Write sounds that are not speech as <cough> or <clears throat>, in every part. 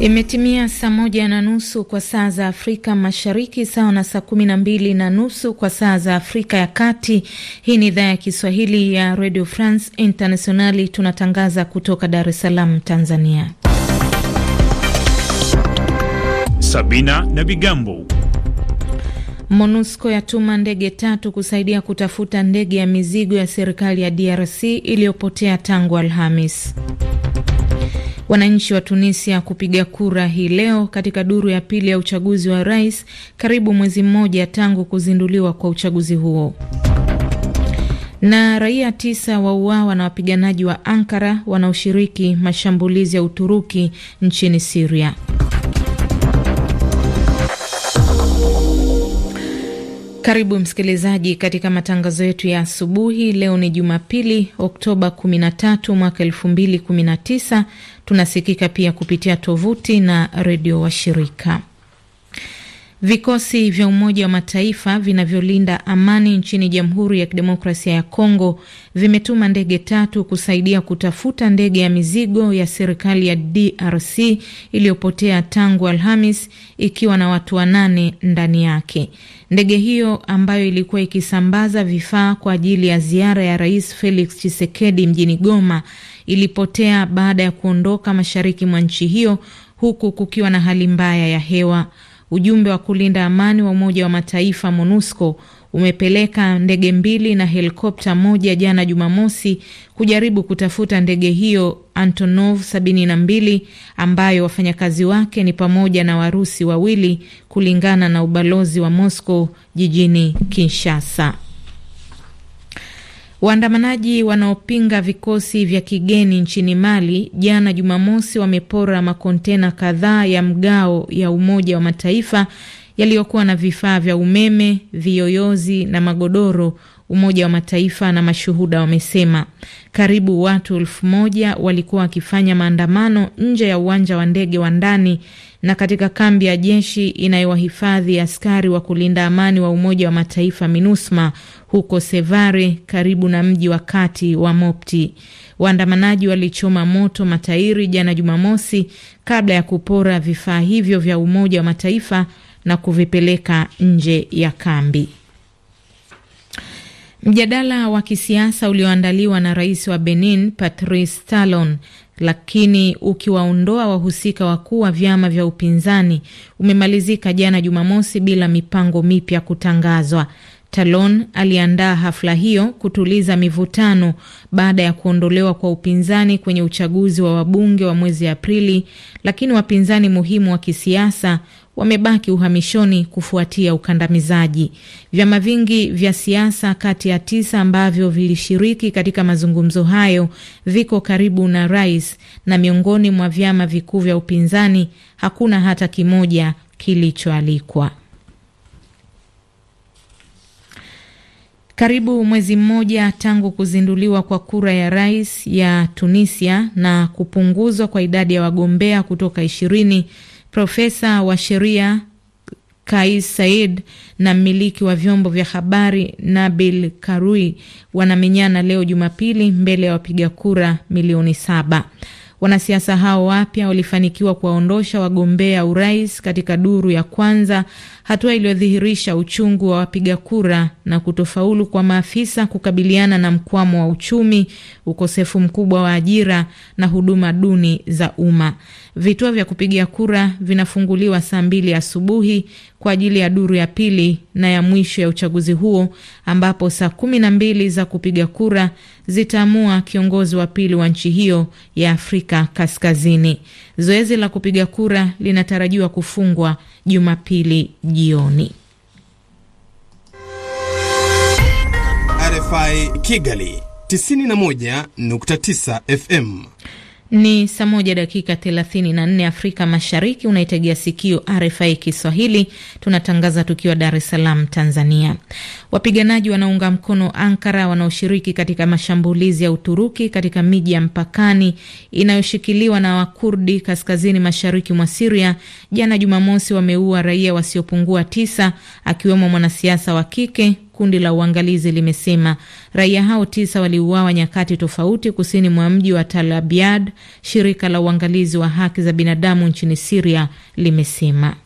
Imetimia saa moja na nusu kwa saa za Afrika Mashariki, sawa na saa kumi na mbili na nusu kwa saa za Afrika ya Kati. Hii ni idhaa ya Kiswahili ya Radio France Internationali, tunatangaza kutoka Dar es Salaam, Tanzania. Sabina na Bigambo. MONUSCO yatuma ndege tatu kusaidia kutafuta ndege ya mizigo ya serikali ya DRC iliyopotea tangu Alhamis. Wananchi wa Tunisia kupiga kura hii leo katika duru ya pili ya uchaguzi wa rais, karibu mwezi mmoja tangu kuzinduliwa kwa uchaguzi huo na raia tisa wauawa na wapiganaji wa Ankara wanaoshiriki mashambulizi ya Uturuki nchini Siria. Karibu msikilizaji katika matangazo yetu ya asubuhi. Leo ni Jumapili, Oktoba 13 mwaka 2019. Tunasikika pia kupitia tovuti na redio washirika. Vikosi vya Umoja wa Mataifa vinavyolinda amani nchini Jamhuri ya Kidemokrasia ya Kongo vimetuma ndege tatu kusaidia kutafuta ndege ya mizigo ya serikali ya DRC iliyopotea tangu Alhamis ikiwa na watu wanane ndani yake. Ndege hiyo ambayo ilikuwa ikisambaza vifaa kwa ajili ya ziara ya Rais Felix Tshisekedi mjini Goma ilipotea baada ya kuondoka mashariki mwa nchi hiyo huku kukiwa na hali mbaya ya hewa. Ujumbe wa kulinda amani wa Umoja wa Mataifa MONUSCO umepeleka ndege mbili na helikopta moja jana Jumamosi kujaribu kutafuta ndege hiyo Antonov 72 ambayo wafanyakazi wake ni pamoja na Warusi wawili kulingana na ubalozi wa Moscow jijini Kinshasa. Waandamanaji wanaopinga vikosi vya kigeni nchini Mali jana Jumamosi wamepora makontena kadhaa ya mgao ya Umoja wa Mataifa yaliyokuwa na vifaa vya umeme, viyoyozi na magodoro Umoja wa Mataifa na mashuhuda wamesema karibu watu elfu moja walikuwa wakifanya maandamano nje ya uwanja wa ndege wa ndani na katika kambi ya jeshi inayowahifadhi askari wa kulinda amani wa Umoja wa Mataifa MINUSMA huko Sevare karibu na mji wa kati wa Mopti. Waandamanaji walichoma moto matairi jana Jumamosi kabla ya kupora vifaa hivyo vya Umoja wa Mataifa na kuvipeleka nje ya kambi. Mjadala wa kisiasa ulioandaliwa na rais wa Benin Patrice Talon, lakini ukiwaondoa wahusika wakuu wa vyama vya upinzani umemalizika jana Jumamosi bila mipango mipya kutangazwa. Talon aliandaa hafla hiyo kutuliza mivutano baada ya kuondolewa kwa upinzani kwenye uchaguzi wa wabunge wa mwezi Aprili, lakini wapinzani muhimu wa kisiasa wamebaki uhamishoni kufuatia ukandamizaji. Vyama vingi vya siasa kati ya tisa ambavyo vilishiriki katika mazungumzo hayo viko karibu na rais, na miongoni mwa vyama vikuu vya upinzani hakuna hata kimoja kilichoalikwa. Karibu mwezi mmoja tangu kuzinduliwa kwa kura ya rais ya Tunisia na kupunguzwa kwa idadi ya wagombea kutoka ishirini Profesa wa sheria Kais Said na mmiliki wa vyombo vya habari Nabil Karui wanamenyana leo Jumapili mbele ya wapiga kura milioni saba. Wanasiasa hao wapya walifanikiwa kuwaondosha wagombea urais katika duru ya kwanza, hatua iliyodhihirisha uchungu wa wapiga kura na kutofaulu kwa maafisa kukabiliana na mkwamo wa uchumi, ukosefu mkubwa wa ajira na huduma duni za umma. Vituo vya kupigia kura vinafunguliwa saa mbili asubuhi kwa ajili ya duru ya pili na ya mwisho ya uchaguzi huo ambapo saa kumi na mbili za kupiga kura zitaamua kiongozi wa pili wa nchi hiyo ya Afrika Kaskazini. Zoezi la kupiga kura linatarajiwa kufungwa Jumapili jioni. RFI Kigali 91.9 FM. Ni saa moja dakika 34 Afrika Mashariki. Unaitegea sikio RFI Kiswahili, tunatangaza tukiwa Dar es Salaam, Tanzania. Wapiganaji wanaunga mkono Ankara wanaoshiriki katika mashambulizi ya Uturuki katika miji ya mpakani inayoshikiliwa na Wakurdi kaskazini mashariki mwa Siria, jana Jumamosi, wameua raia wasiopungua tisa, akiwemo mwanasiasa wa kike kundi la uangalizi limesema raia hao tisa waliuawa nyakati tofauti kusini mwa mji wa Tal Abyad, shirika la uangalizi wa haki za binadamu nchini Siria limesema.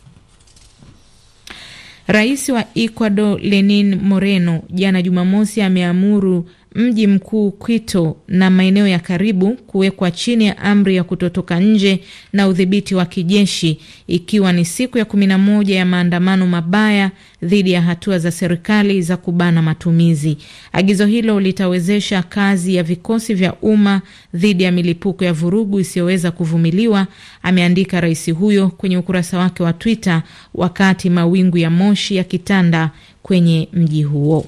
Rais wa Ecuador Lenin Moreno jana Jumamosi ameamuru mji mkuu Quito na maeneo ya karibu kuwekwa chini ya amri ya kutotoka nje na udhibiti wa kijeshi, ikiwa ni siku ya kumi na moja ya maandamano mabaya dhidi ya hatua za serikali za kubana matumizi. Agizo hilo litawezesha kazi ya vikosi vya umma dhidi ya milipuko ya vurugu isiyoweza kuvumiliwa, ameandika rais huyo kwenye ukurasa wake wa Twitter wakati mawingu ya moshi yakitanda kwenye mji huo.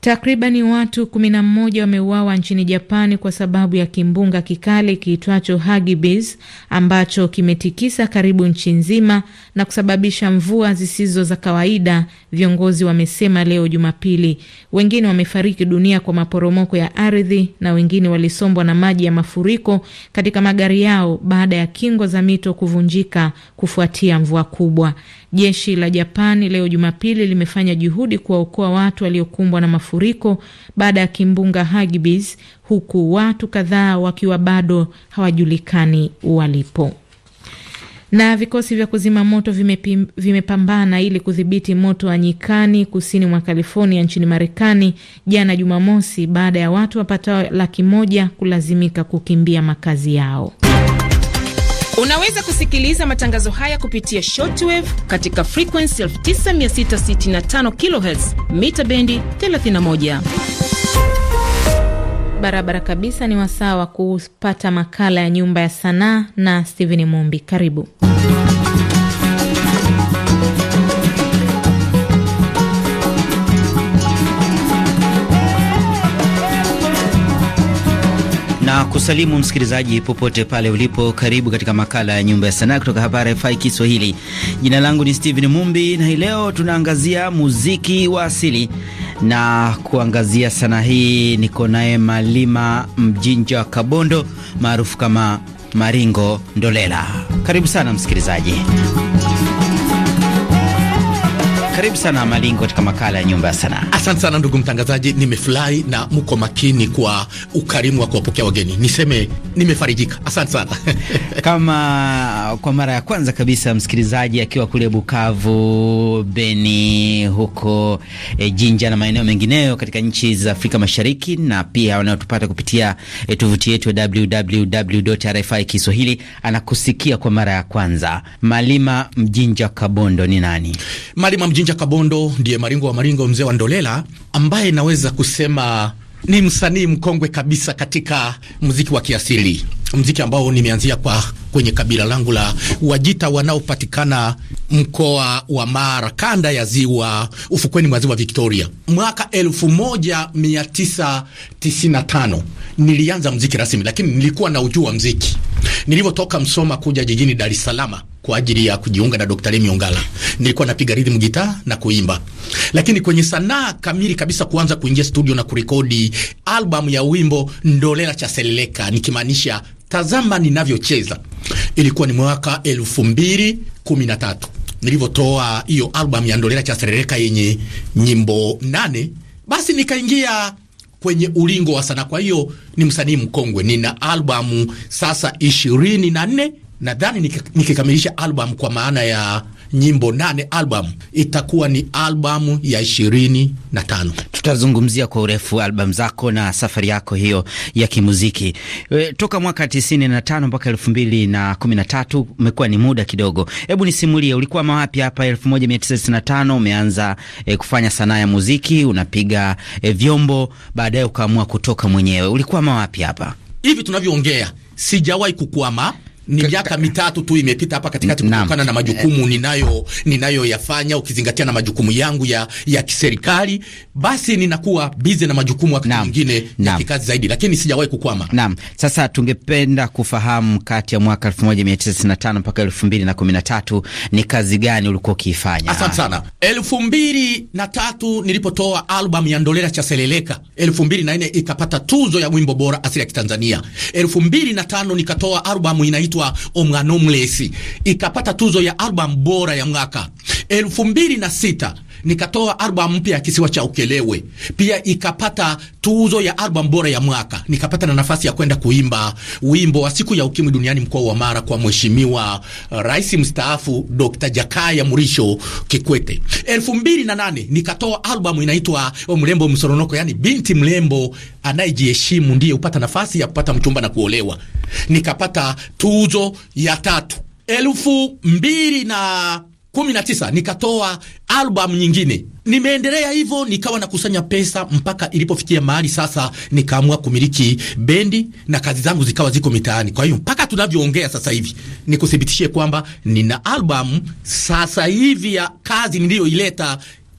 Takribani watu kumi na mmoja wameuawa nchini Japani kwa sababu ya kimbunga kikali kiitwacho Hagibis ambacho kimetikisa karibu nchi nzima na kusababisha mvua zisizo za kawaida, viongozi wamesema leo Jumapili. Wengine wamefariki dunia kwa maporomoko ya ardhi na wengine walisombwa na maji ya mafuriko katika magari yao baada ya kingo za mito kuvunjika kufuatia mvua kubwa. Jeshi la Japani leo Jumapili limefanya juhudi kuwaokoa watu waliokumbwa na mafuriko baada ya kimbunga Hagibis, huku watu kadhaa wakiwa bado hawajulikani walipo. Na vikosi vya kuzima moto vimepambana ili kudhibiti moto wa nyikani kusini mwa California nchini Marekani jana Jumamosi baada ya watu wapatao laki moja kulazimika kukimbia makazi yao. Unaweza kusikiliza matangazo haya kupitia shortwave katika frequency 9665 kHz mita bendi 31. Barabara kabisa, ni wasaa wa kupata makala ya nyumba ya sanaa na Steven Mumbi. Karibu. kusalimu msikilizaji popote pale ulipo, karibu katika makala ya nyumba ya sanaa kutoka hapa RFI Kiswahili. Jina langu ni Steven Mumbi na hii leo tunaangazia muziki wa asili na kuangazia sanaa hii niko naye Malima Mjinja Kabondo maarufu kama Maringo Ndolela. Karibu sana msikilizaji. Karibu sana Malingo katika makala ya nyumba ya sanaa. Asante sana ndugu mtangazaji, nimefurahi na mko makini kwa ukarimu wa kuwapokea wageni. Niseme nimefarijika, asante sana <laughs> kama kwa mara ya kwanza kabisa msikilizaji akiwa kule Bukavu, Beni, huko e, Jinja na maeneo mengineyo katika nchi za Afrika Mashariki, na pia wanaotupata kupitia e, tovuti yetu ya www.rfi Kiswahili, anakusikia kwa mara ya kwanza. Malima Mjinja Kabondo ni nani? Malima Mjinja Kuja Kabondo ndiye Maringo wa Maringo, mzee wa Ndolela, ambaye naweza kusema ni msanii mkongwe kabisa katika muziki wa kiasili mziki ambao nimeanzia kwa kwenye kabila langu la Wajita wanaopatikana mkoa wa Mara, kanda ya ziwa, ufukweni mwa ziwa Victoria. Mwaka 1995 nilianza mziki rasmi, lakini nilikuwa na ujua mziki nilivyotoka Msoma kuja jijini Dar es Salaam kwa ajili ya kujiunga na Dr. Lemi Ongala. Nilikuwa napiga rhythm gitaa na kuimba. Lakini kwenye sanaa kamili kabisa kuanza kuingia studio na kurekodi albamu ya wimbo Ndolela cha Seleleka nikimaanisha tazama ninavyocheza. Ilikuwa ni mwaka elfu mbili kumi na tatu nilivyotoa hiyo albamu ya Ndolera cha Serereka yenye nyimbo nane, basi nikaingia kwenye ulingo wa sana. Kwa hiyo ni msanii mkongwe, nina albamu sasa ishirini na nne nadhani nikikamilisha albamu kwa maana ya nyimbo nane album, itakuwa ni albamu ya ishirini na tano. Tutazungumzia kwa urefu albamu zako na safari yako hiyo ya kimuziki e, toka mwaka tisini na tano mpaka elfu mbili na kumi na tatu umekuwa ni muda kidogo. Hebu nisimulie ulikuwa mawapi hapa elfu moja mia tisa tisini na tano umeanza e, kufanya sanaa ya muziki unapiga e, vyombo, baadaye ukaamua kutoka mwenyewe. Ulikuwa mawapi hapa hivi tunavyoongea? Sijawahi kukwama ni miaka mitatu tu imepita hapa katikati kutokana na majukumu eh. ninayo ninayoyafanya, ukizingatia na majukumu yangu ya ya kiserikali, basi ninakuwa busy na majukumu wakati mwingine ya kikazi zaidi, lakini sijawahi kukwama. Naam, sasa tungependa kufahamu kati ya mwaka 1995 mpaka 2013 ni kazi gani ulikuwa ukiifanya? Asante sana. 2003 nilipotoa album ya Ndolera cha Seleleka, 2004 ikapata tuzo ya wimbo bora asili ya Kitanzania, 2005 nikatoa album inaitwa anaitwa Omwana Mlesi, ikapata tuzo ya albamu bora ya mwaka elfu mbili na sita nikatoa album mpya ya Kisiwa cha Ukelewe, pia ikapata tuzo ya album bora ya mwaka. Nikapata na nafasi ya kwenda kuimba wimbo wa siku ya ukimwi duniani mkoa wa Mara kwa mheshimiwa uh, rais mstaafu Dr. Jakaya Mrisho Kikwete. elfu mbili na nane nikatoa album inaitwa oh, Mrembo Msoronoko, yani binti mrembo anayejiheshimu ndiye upata nafasi ya kupata mchumba na kuolewa. Nikapata tuzo ya tatu elfu mbili na kumi na tisa nikatoa albamu nyingine. Nimeendelea hivyo, nikawa nakusanya pesa mpaka ilipofikia mahali sasa nikaamua kumiliki bendi na kazi zangu zikawa ziko mitaani. Kwa hiyo mpaka tunavyoongea sasa hivi, nikuthibitishie kwamba nina albamu sasa hivi ya kazi niliyoileta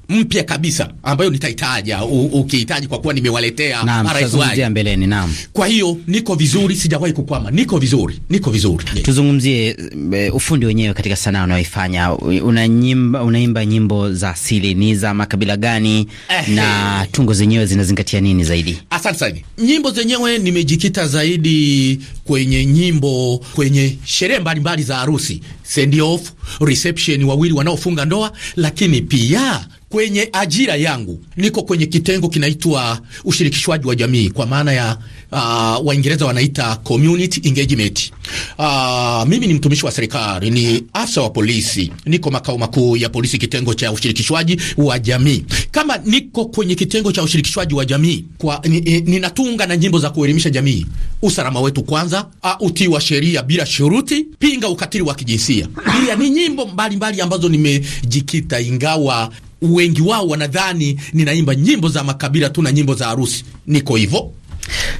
mpya kabisa ambayo nitaitaja ukihitaji, kwa kuwa nimewaletea marais mbeleni. Naam, kwa hiyo niko vizuri, sijawahi kukwama, niko vizuri, niko vizuri. Tuzungumzie eh, ufundi wenyewe katika sanaa unaoifanya. Unaimba, unaimba nyimbo za asili, ni za makabila gani? Ehe. na tungo zenyewe zinazingatia nini zaidi? Asante sana. Nyimbo zenyewe nimejikita zaidi kwenye nyimbo kwenye sherehe mbalimbali za harusi, send off, reception, wawili wanaofunga ndoa, lakini pia Kwenye ajira yangu niko kwenye kitengo kinaitwa ushirikishwaji wa jamii, kwa maana ya uh, Waingereza wanaita community engagement. Uh, mimi ni mtumishi wa serikali, ni afisa wa polisi, niko makao makuu ya polisi, kitengo cha ushirikishwaji wa jamii. Kama niko kwenye kitengo cha ushirikishwaji wa jamii kwa, ni, ni, na nyimbo za kuelimisha jamii, usalama wetu kwanza, uh, utii wa sheria bila shuruti, pinga ukatili wa kijinsia. Pia ni nyimbo mbalimbali mbali ambazo nimejikita, ingawa wengi wao wanadhani ninaimba nyimbo za makabila tu na nyimbo za harusi. Niko hivyo.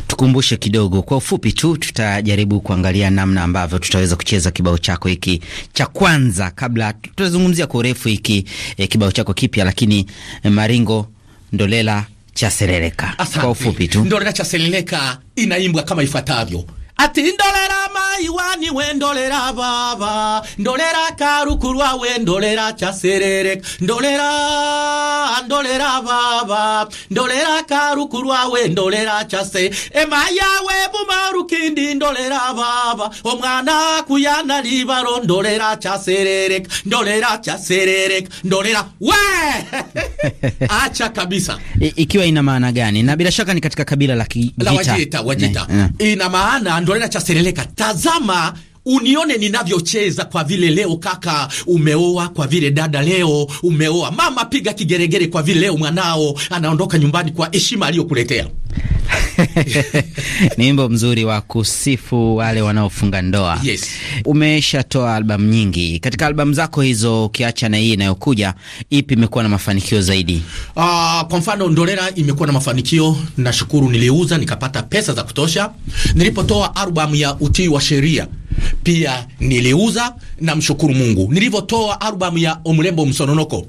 Tukumbushe kidogo kwa ufupi tu, tutajaribu kuangalia namna ambavyo tutaweza kucheza kibao chako hiki cha kwanza, kabla tutazungumzia kwa urefu hiki e, kibao chako kipya, lakini e, Maringo Ndolela cha Seleleka. Kwa ufupi tu, Ndolela cha Seleleka inaimbwa kama ifuatavyo ati ndolera mai wani we ndolera baba ndolera karuku lwawe ndolera chaserere ndolera ndolera baba ndolera karuku lwawe ndolera chase e we bumaru kindi ndolera baba omwana kuyana libaro ndolera chaserere ndolera chaserere ndolera we <laughs> acha kabisa I, ikiwa ina maana gani na bila shaka ni katika kabila la Kijita la Wajita, Wajita. Eh, eh. ina maana Dorina cha Sereleka. Tazama unione ninavyocheza kwa vile leo kaka umeoa, kwa vile dada leo umeoa, mama piga kigeregere kwa vile leo mwanao anaondoka nyumbani kwa heshima aliyokuletea. <laughs> Ni wimbo mzuri wa kusifu wale wanaofunga ndoa. Yes. Umeshatoa albamu nyingi. Katika albamu zako hizo ukiacha na hii inayokuja, ipi imekuwa na mafanikio zaidi? Uh, kwa mfano Ndolera imekuwa na mafanikio, nashukuru niliuza nikapata pesa za kutosha. Nilipotoa albamu ya utii wa sheria pia niliuza na mshukuru Mungu. Nilivyotoa albamu ya Omrembo Msononoko,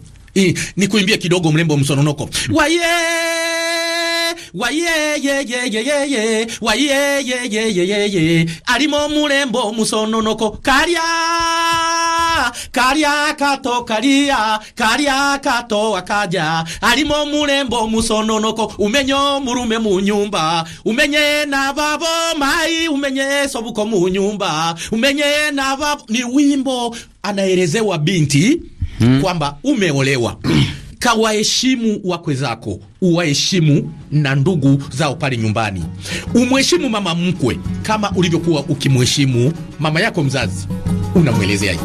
nikuimbie kidogo Omrembo Msononoko waye wayeyeyeyeyeye wayeyeyeyeyeye alimo omulembe omusononoko kalya kalya kato kalya kalya kato akaja alimo omulembe omusononoko umenye omurume mu nyumba umenye nababo mai umenye sobuko mu nyumba umenye nababo ni wimbo anaelezewa binti hmm. kwamba umeolewa <clears throat> kawaheshimu wakwe zako, uwaheshimu na ndugu zao pale nyumbani, umheshimu mama mkwe kama ulivyokuwa ukimheshimu mama yako mzazi. hivi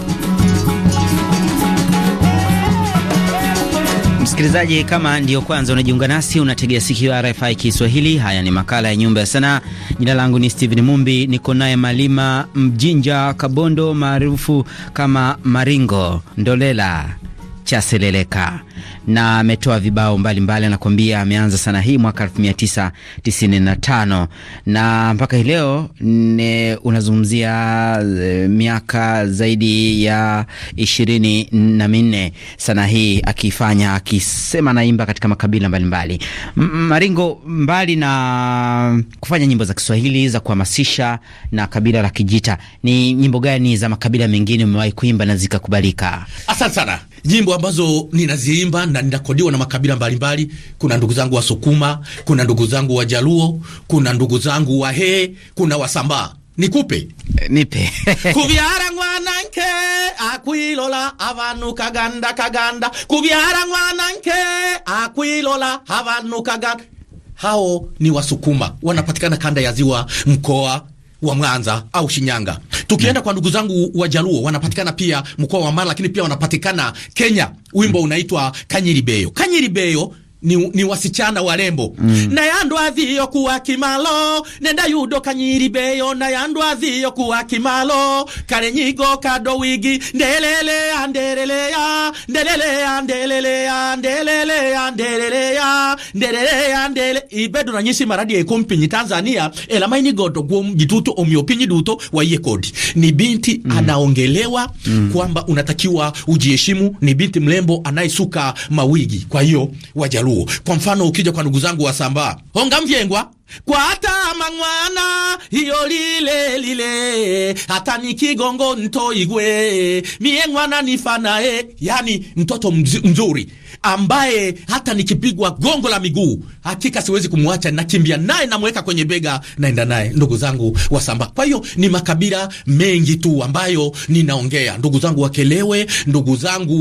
Msikilizaji, kama ndiyo kwanza unajiunga nasi, unategea sikio RFI Kiswahili. Haya ni makala ya Nyumba ya Sanaa. Jina langu ni Steven Mumbi, niko naye Malima Mjinja Kabondo maarufu kama Maringo Ndolela cha Seleleka na ametoa vibao mbalimbali, anakuambia ameanza sana hii mwaka 1995 na mpaka hii leo unazungumzia e, miaka zaidi ya ishirini na minne sana hii akifanya akisema naimba katika makabila mbalimbali mbali. Maringo, mbali na kufanya nyimbo za Kiswahili za kuhamasisha na kabila la Kijita, ni nyimbo gani za makabila mengine umewahi kuimba na zikakubalika? Asante sana nyimbo ambazo ninaziimba na ninakodiwa na makabila mbalimbali. Kuna ndugu zangu Wasukuma, kuna ndugu zangu wa Jaluo, kuna ndugu zangu wa He, kuna Wasambaa. Nikupe eh, nipe <laughs> kubyara mwananke akwilola avanhu kaganda kaganda kubyara mwananke akwilola avanhu kaganda. Hao ni Wasukuma, wanapatikana kanda ya Ziwa, mkoa wa Mwanza au Shinyanga. Tukienda mm. kwa ndugu zangu wa Jaluo, wanapatikana pia mkoa wa Mara, lakini pia wanapatikana Kenya. Wimbo unaitwa Kanyiribeyo. Kanyiribeyo ni, ni wasichana warembo mm. na yandwa dhio kuwa kimalo nenda yudo kanyiri beyo na yandwa dhio kuwa kimalo kare nyigo kado wigi ndelele andelele ya ndelele andelele ya ndelele andelele ya ndelele andele ibedo na nyisi maradi ya kumpinyi Tanzania ela maini godo guom jituto omiopinyi duto wa iye kodi ni binti mm. anaongelewa mm. kwamba unatakiwa ujieshimu ni binti mlembo anayesuka mawigi kwa hiyo wajalu huo. Kwa mfano ukija kwa ndugu zangu Wasambaa, honga mvyengwa kwa hata mangwana hiyo lile lile, hata nikigongo ntoigwe mie ngwana nifanae. Yani mtoto mzuri ambaye hata nikipigwa gongo la miguu hakika siwezi kumwacha, nakimbia naye, namweka kwenye bega, naenda naye. Ndugu zangu Wasambaa. Kwa hiyo ni makabila mengi tu ambayo ninaongea, ndugu zangu Wakelewe, ndugu zangu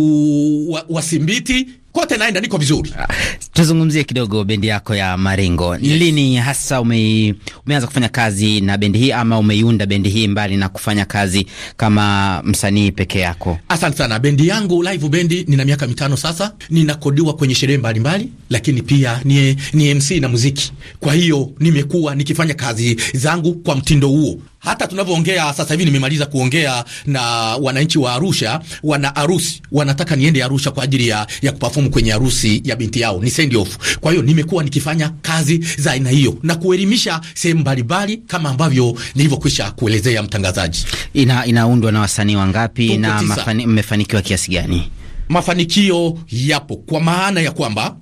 Wasimbiti wa kote naenda niko vizuri. Ah, tuzungumzie kidogo bendi yako ya Maringo. Yes. Lini hasa ume, umeanza kufanya kazi na bendi hii ama umeiunda bendi hii mbali na kufanya kazi kama msanii peke yako? Asante sana. Bendi yangu live bendi, nina miaka mitano sasa. Ninakodiwa kwenye sherehe mbalimbali, lakini pia ni, ni MC na muziki. Kwa hiyo nimekuwa nikifanya kazi zangu kwa mtindo huo hata tunavyoongea sasa hivi, nimemaliza kuongea na wananchi wa Arusha, wana harusi wanataka niende Arusha kwa ajili ya, ya kuperform kwenye harusi ya binti yao, ni send off. Kwa hiyo nimekuwa nikifanya kazi za aina hiyo na kuelimisha sehemu mbalimbali kama ambavyo nilivyokwisha kuelezea mtangazaji. Ina inaundwa na wasanii wangapi? na mmefanikiwa kiasi gani? Mafanikio yapo kwa maana ya kwamba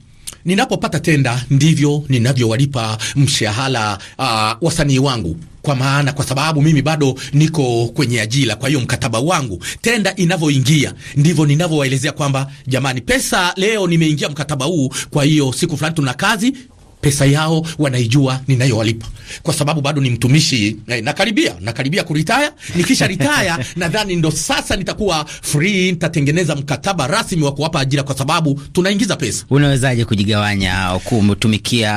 ninapopata tenda ndivyo ninavyowalipa mshahara uh, wasanii wangu kwa maana, kwa sababu mimi bado niko kwenye ajira. Kwa hiyo mkataba wangu tenda inavyoingia ndivyo ninavyowaelezea kwamba jamani, pesa leo nimeingia mkataba huu, kwa hiyo siku fulani tuna kazi pesa yao wanaijua ninayowalipa, kwa sababu bado ni mtumishi eh, nakaribia nakaribia kuritaya. Nikisha ritaya <laughs> nadhani ndo sasa nitakuwa free, nitatengeneza mkataba rasmi wa kuwapa ajira, kwa sababu tunaingiza pesa. Unawezaje kujigawanya kumtumikia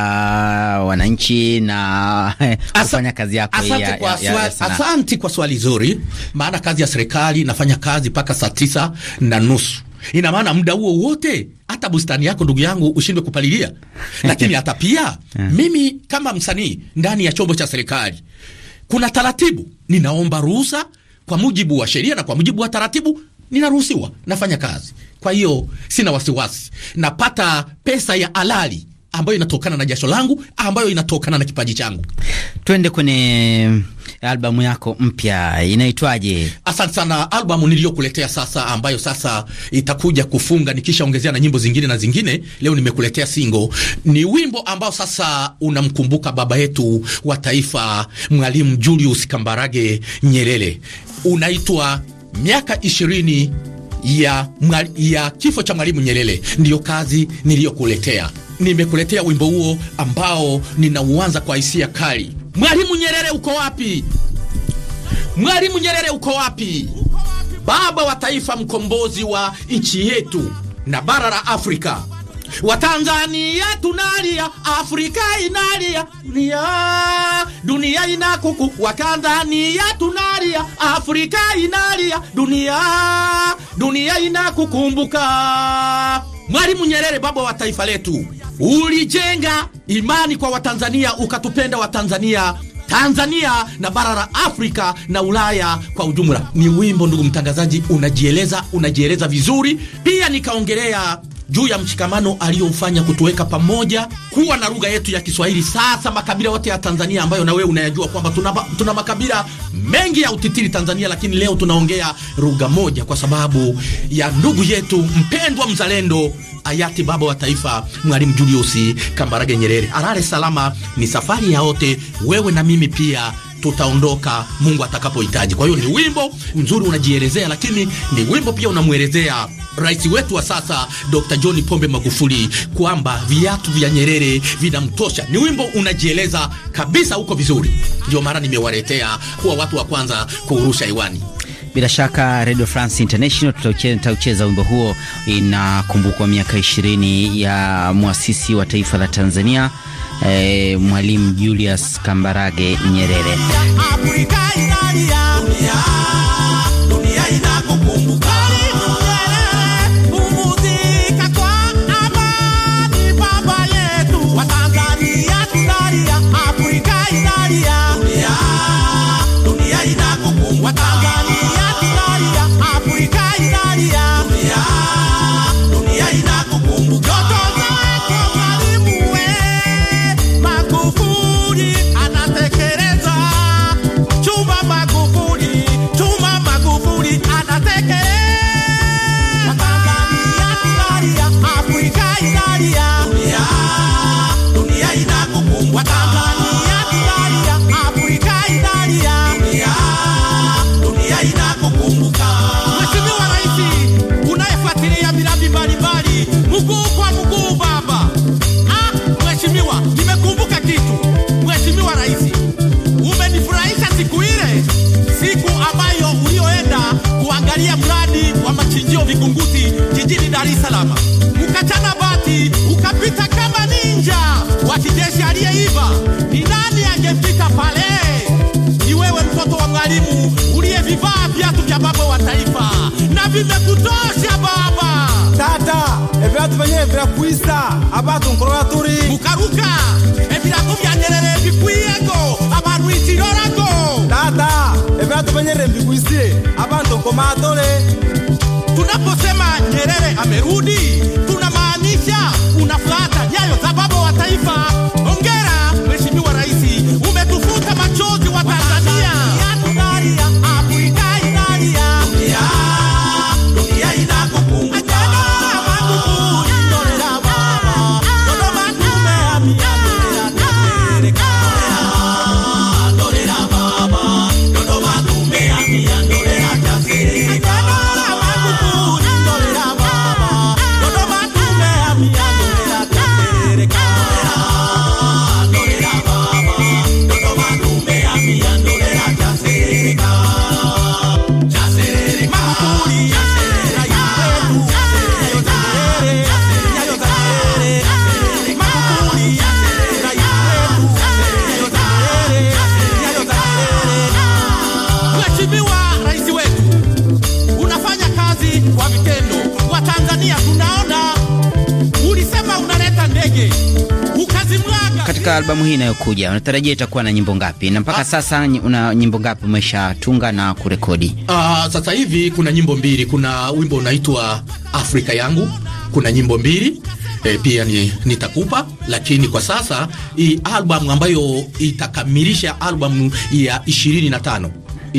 wananchi na <laughs> kufanya kazi yako? Asanti kwa swali zuri, maana kazi ya serikali nafanya kazi mpaka saa tisa na nusu Ina maana muda huo wote hata bustani yako ndugu yangu ushindwe kupalilia, <laughs> lakini hata pia eh. mimi kama msanii ndani ya chombo cha serikali kuna taratibu, ninaomba ruhusa kwa mujibu wa sheria na kwa mujibu wa taratibu, ninaruhusiwa, nafanya kazi. Kwa hiyo sina wasiwasi, napata pesa ya halali ambayo inatokana na jasho langu ambayo inatokana na kipaji changu. Twende kwenye albamu yako mpya inaitwaje? Asante sana. Albamu niliyokuletea sasa, ambayo sasa itakuja kufunga nikishaongezea na nyimbo zingine na zingine, leo nimekuletea single, ni wimbo ambao sasa unamkumbuka baba yetu wa taifa Mwalimu Julius Kambarage Nyerere, unaitwa miaka ishirini ya, ya kifo cha Mwalimu Nyerere. Ndiyo kazi niliyokuletea, nimekuletea wimbo huo ambao ninauanza kwa hisia kali Mwalimu Nyerere uko wapi? Mwalimu Nyerere uko wapi? Baba wa taifa mkombozi wa nchi yetu na bara la Afrika. Watanzania tunalia, Afrika inalia, dunia, dunia inakuku. Watanzania tunalia, Afrika inalia, dunia, dunia inakukumbuka. Mwalimu Nyerere, baba wa taifa letu, ulijenga imani kwa Watanzania, ukatupenda Watanzania, Tanzania na bara la Afrika na Ulaya kwa ujumla. Ni wimbo, ndugu mtangazaji, unajieleza unajieleza vizuri. Pia nikaongelea juu ya mshikamano aliyofanya kutuweka pamoja, kuwa na lugha yetu ya Kiswahili. Sasa makabila yote ya Tanzania ambayo na wewe unayajua kwamba tuna, tuna makabila mengi ya utitiri Tanzania, lakini leo tunaongea lugha moja kwa sababu ya ndugu yetu mpendwa mzalendo hayati baba wa taifa Mwalimu Julius Kambarage Nyerere. Alale salama ni safari ya wote, wewe na mimi pia tutaondoka Mungu atakapohitaji. Kwa hiyo ni wimbo mzuri unajielezea, lakini ni wimbo pia unamwelezea rais wetu wa sasa Dr. John Pombe Magufuli kwamba viatu vya Nyerere vinamtosha. Ni wimbo unajieleza kabisa, huko vizuri, ndio maana nimewaletea kuwa watu wa kwanza kuurusha iwani. Bila shaka Radio France International tutaucheza wimbo huo. Inakumbukwa miaka ishirini ya mwasisi wa taifa la Tanzania, eh, Mwalimu Julius Kambarage Nyerere. Zaria. kwisa abantu nkoroya turi mukaruka ebirato byangerere bikwiyego abantu itirorako data ebirato benyerere mbigwisire abantu nkomatore Mheshimiwa Rais wetu unafanya kazi kwa vitendo. Tanzania tunaona, ulisema unaleta ndege ukazimwaga. Katika albamu hii inayokuja unatarajia itakuwa na nyimbo ngapi? Na mpaka ah, sasa una nyimbo ngapi umeshatunga na kurekodi? Ah, sasa hivi kuna nyimbo mbili. Kuna wimbo unaitwa Afrika yangu, kuna nyimbo mbili E, pia ni, nitakupa lakini kwa sasa hii albamu ambayo itakamilisha albamu ya 25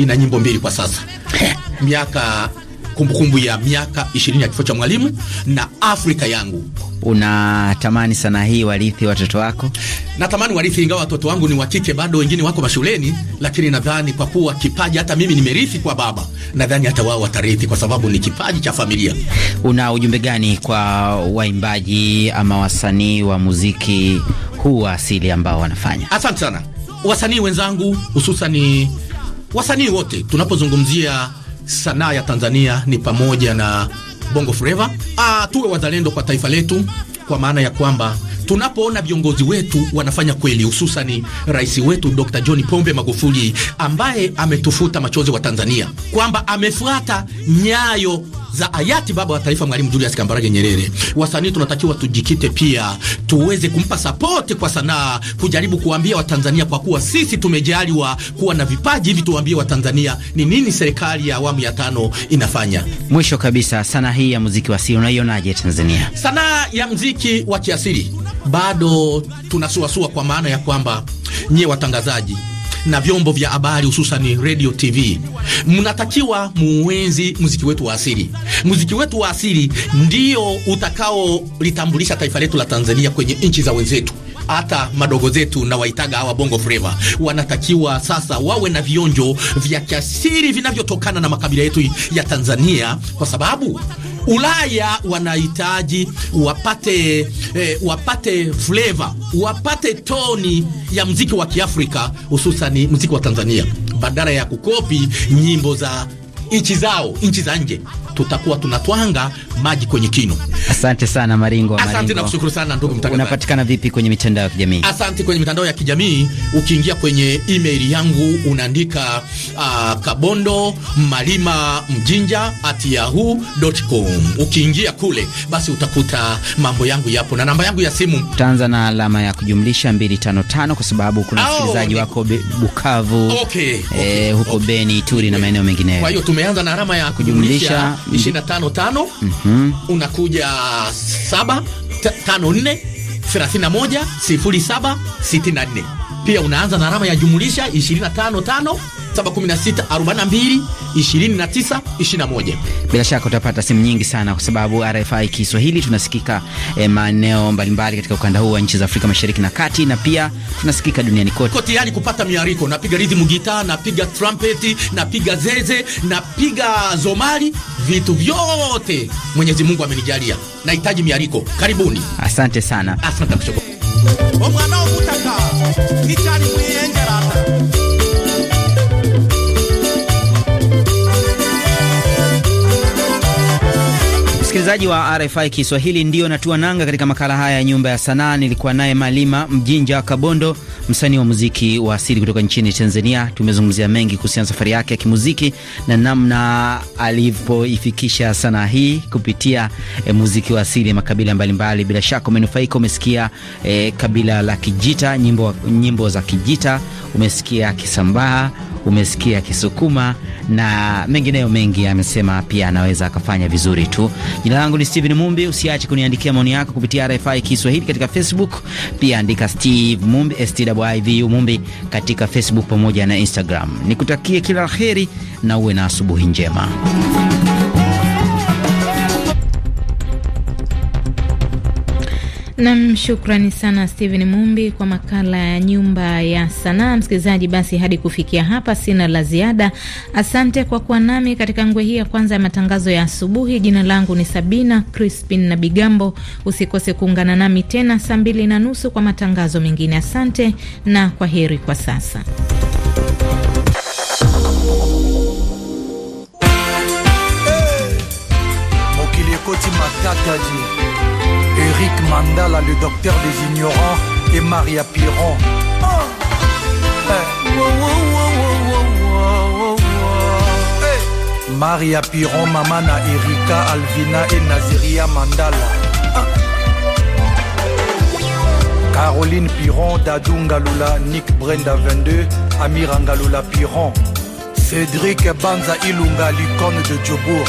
ina nyimbo mbili kwa sasa miaka kumbukumbu ya miaka ishirini ya kifo cha mwalimu na Afrika yangu. Unatamani sana hii warithi watoto wako? Natamani warithi, ingawa watoto wangu ni wa kike, bado wengine wako mashuleni, lakini nadhani kwa kuwa kipaji hata mimi nimerithi kwa baba, nadhani hata wao watarithi kwa sababu ni kipaji cha familia. Una ujumbe gani kwa waimbaji ama wasanii wa muziki huu wa asili ambao wanafanya? Asante sana wasanii wenzangu, hususani wasanii wote tunapozungumzia sanaa ya Tanzania ni pamoja na Bongo Flava. Ah, tuwe wazalendo kwa taifa letu, kwa maana ya kwamba tunapoona viongozi wetu wanafanya kweli, hususani rais wetu Dr. John Pombe Magufuli ambaye ametufuta machozi wa Tanzania, kwamba amefuata nyayo za hayati baba wa taifa Mwalimu Julius Kambarage Nyerere. Wasanii tunatakiwa tujikite pia tuweze kumpa sapoti kwa sanaa, kujaribu kuambia Watanzania kwa kuwa sisi tumejaliwa kuwa na vipaji hivi, tuwaambie Watanzania ni nini serikali ya awamu ya tano inafanya. Mwisho kabisa, sanaa hii ya muziki wa asili unaionaje Tanzania? Sanaa ya muziki wa kiasili bado tunasuasua, kwa maana ya kwamba nyie watangazaji na vyombo vya habari hususan radio, TV, mnatakiwa muwenzi muziki wetu wa asili. Muziki wetu wa asili ndio utakaolitambulisha taifa letu la Tanzania kwenye nchi za wenzetu hata madogo zetu na waitaga hawa bongo flava wanatakiwa sasa wawe na vionjo vya kiasili vinavyotokana na makabila yetu ya Tanzania, kwa sababu Ulaya wanahitaji wapate, eh, wapate flavor, wapate toni ya mziki wa Kiafrika, hususani mziki wa Tanzania badala ya kukopi nyimbo za nchi zao, nchi za nje, tutakuwa tunatwanga maji kwenye kinu. Asante sana Maringo. Asante Maringo. Na kushukuru sana ndugu mtangazaji. Unapatikana vipi kwenye mitandao ya kijamii? Asante, kwenye mitandao ya kijamii ukiingia kwenye email yangu unaandika uh, kabondo malima mjinja at yahoo.com. Ukiingia kule basi utakuta mambo yangu yapo na namba yangu ya simu. Tutaanza na alama ya kujumlisha 255 kwa sababu kuna msikilizaji oh, wako Bukavu, okay, okay, eh, huko okay, Beni, Turi okay, na maeneo mengineyo. Kwa hiyo umeanza na alama ya kujumlisha 25 5, mm -hmm. unakuja 7 5 4 31 07 64. Pia unaanza na alama ya jumlisha 25 5 0716242921. Bila shaka utapata simu nyingi sana kwa sababu RFI Kiswahili tunasikika eh, maeneo mbalimbali katika ukanda huu wa nchi za Afrika Mashariki na Kati na pia tunasikika duniani kote. Kote yani kupata miariko, napiga rhythm guitar, napiga trumpet, napiga zeze, napiga zomali, vitu vyote Mwenyezi Mungu amenijalia. Nahitaji miariko. Karibuni. Asante sana. Asante kwa Msikilizaji wa RFI Kiswahili, ndiyo natua nanga katika makala haya ya nyumba ya sanaa. Nilikuwa naye Malima Mjinja Kabondo, msanii wa muziki wa asili kutoka nchini Tanzania. Tumezungumzia mengi kuhusiana safari yake ya kimuziki na namna alivyoifikisha sanaa hii kupitia e, muziki wa asili makabila mbalimbali mbali. Bila shaka umenufaika, umesikia e, kabila la Kijita, nyimbo, nyimbo za Kijita, umesikia Kisambaa umesikia Kisukuma na mengineyo mengi. Amesema pia anaweza akafanya vizuri tu. Jina langu ni Steven Mumbi, usiache kuniandikia maoni yako kupitia RFI Kiswahili katika Facebook. Pia andika Steve Mumbi, Stivu Mumbi katika Facebook pamoja na Instagram. Nikutakie kila la heri na uwe na asubuhi njema. Nam, shukrani sana Steven Mumbi kwa makala ya nyumba ya sanaa. Msikilizaji, basi hadi kufikia hapa sina la ziada. Asante kwa kuwa nami katika ngwe hii ya kwanza ya matangazo ya asubuhi. Jina langu ni Sabina Crispin na Bigambo. Usikose kuungana nami tena saa mbili na nusu kwa matangazo mengine. Asante na kwa heri kwa sasa. Hey, Eric Mandala, le docteur des ignorants, et Maria Piron. Maria Piron, Mamana Erika, Alvina et Naziria Mandala. Caroline Piron, Dadou Lula, Nick Brenda 22, Amir Piron. Cédric Banza Ilunga, l'icône de Djobourg.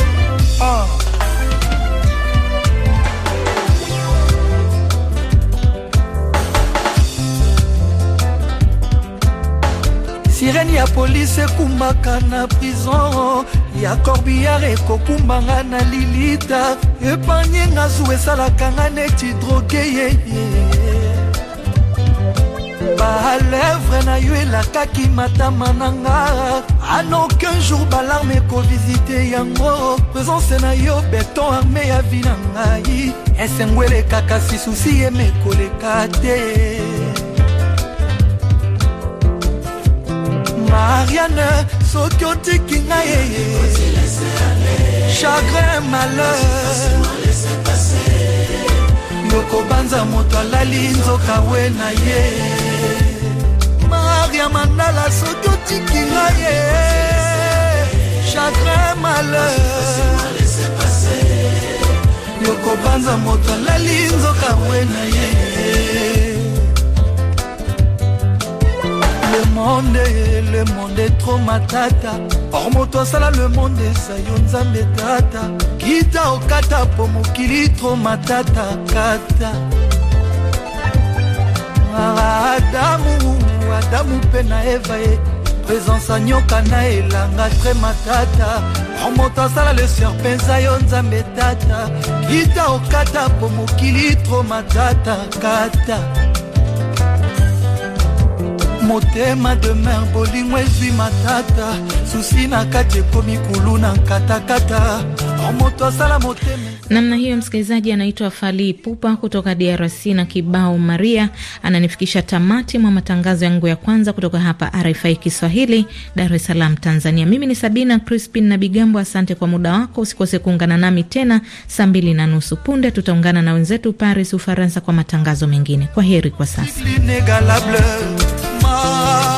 sireni ya polisi ekumaka na prison ya corbiar ekokumbanga na lilita epanye nga zu esalaka nga neti droge yeye balevre na yo elakaki matama na nga anokin jour balarme ekovisite yango présence na yo beton arme ya vi na ngai esengo elekaka sisusi yeme koleka te mariane soki otiki ngai eye chagrin malheur yokobanza moto alali nzoka we na ye maria mandala soki otiki ngai ye chagrin malheur yokobanza moto alali nzoka we na ye le monde le monde trop matata or moto asala le monde est yo nzambe tata kita okata po mokili matata kata adamu adamu mpe na eva ye présence anyoka na elanga tre matata or moto asala le serpent yo nzambe tata kita okata po mokili matata kata motema de demer bolingo ezwi matata susi na kati ekomi kulu na nkatakata namna hiyo. Msikilizaji anaitwa Fali Pupa kutoka DRC na kibao Maria ananifikisha tamati mwa matangazo yangu ya kwanza kutoka hapa RFI Kiswahili, Dar es Salaam, Tanzania. Mimi ni Sabina Crispin na Bigambo, asante kwa muda wako. Usikose kuungana nami tena saa mbili na nusu. Punde tutaungana na wenzetu Paris, Ufaransa, kwa matangazo mengine. Kwa heri kwa sasa.